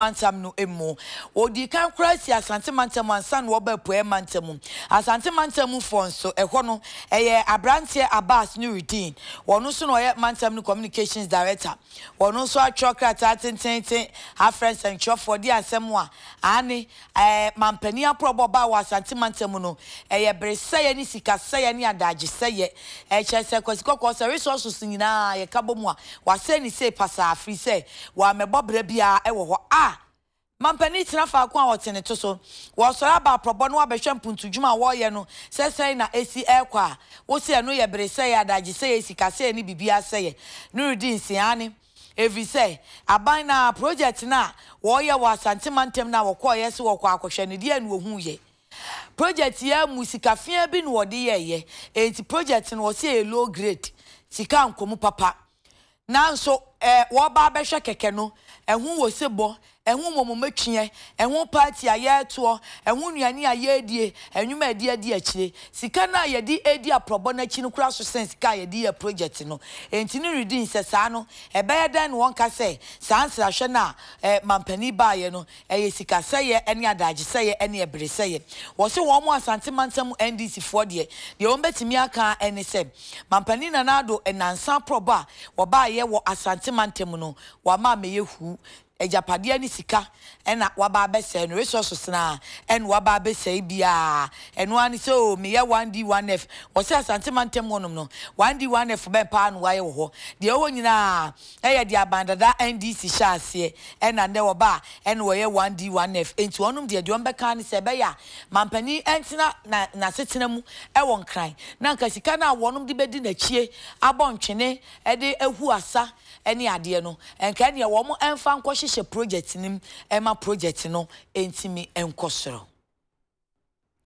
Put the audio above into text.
mantam no emu odi kan kura si asante mantam ansa na wɔbɛ po mantam asante mantam fo nso no ɛyɛ aberanteɛ abas nurudin wɔn nso na ɔyɛ mantam no communications director wɔn nso atwerɛ krataa tententen afrɛ nsɛntwerɛfoɔ de asɛm a ane eh, ɛɛ mampanin aporɔbɔ ba wɔ asante mantam no ɛyɛ beresɛyɛ ne sikasɛyɛ ne adagyesɛyɛ ɛkyɛ eh, sɛ kwasi kɔkɔɔ sɛ resources nyinaa yɛka bɔ mu a wɔasɛn ne se pasaa afiri sɛ wɔamɛbɔ berɛ biara ɛwɔ wo ah. mampanin tena faako a ɔte ne to so wɔsɔre aba aprɔbɔ no abɛhwɛ mpuntudwuma a wɔreyɛ no sɛsɛn na esi ɛkɔ a wosi ɛno yɛ bere sɛyɛ adagye sɛyɛ sika sɛyɛ ne biribi asɛyɛ ne redi nsiane efi sɛ aban na project na wɔreyɛ wɔ asantema ntɛm na wɔkɔɔyɛ sɛ wɔkɔ akɔhwɛ ne deɛ na ohun yɛ project yɛ mu sikafia bi na wɔde yɛɛyɛ eti project no wɔsi yɛ low grade sika nkɔmu papa nanso ɛɛ wɔreba abɛhwɛ kɛkɛ no ɛho wɔ se bɔ ɛho mɔmɔmɛtwiɛ ɛho party a yɛretoɔ ɛho nnuane a yɛredie ɛnwuma a yɛde adi akyire sika no a yɛde adi aprɔbɔ no akyi no kora so sɛn sika a yɛde yɛ project no ɛnti ne redi nsɛ saa no ɛbɛyɛ dɛn ne wɔnka sɛ saa nsrahwɛ no a mampanin baayɛ no ɛyɛ sikasɛyɛ ne adagyesɛyɛ ne ɛberesɛyɛ wɔ wɔn mu asante mantam ndc foɔ deɛ deɛ wɔn bɛtumi aka ne sɛ mampanin nanado nansa aprɔbɔ a wɔbaayɛ wɔ asante mantam no wɔama amɛyɛ huu agyapadeɛ ne sika ɛna waba abɛsɛe no resources na ɛna waba abɛsɛe biara ɛno ani sɛ o oh, meyɛ one d one f wɔsɛ asantema ntɛm wɔnom no one d one f bɛn paa no wayɛ wɔ hɔ deɛ ɛwɔ nyinaa ɛyɛ deɛ abandada ndc hyɛ aseɛ ɛna nnɛ wɔba a ɛna wɔyɛ one d one f nti wɔnom deɛ deɛ ɔmbɛka ne sɛ ɛbɛyɛ a mampanin ɛntena na n'asetena mu ɛwɔ nkran na nka sika no a wɔnom de bɛdi n'akyie abɔ ntwene ɛde ehu asa ɛne adeɛ no nka ɛneɛ wɔn ɛmfa nkɔhyehyɛ hyehyɛ project no mu ma project no ntumi nkɔ soro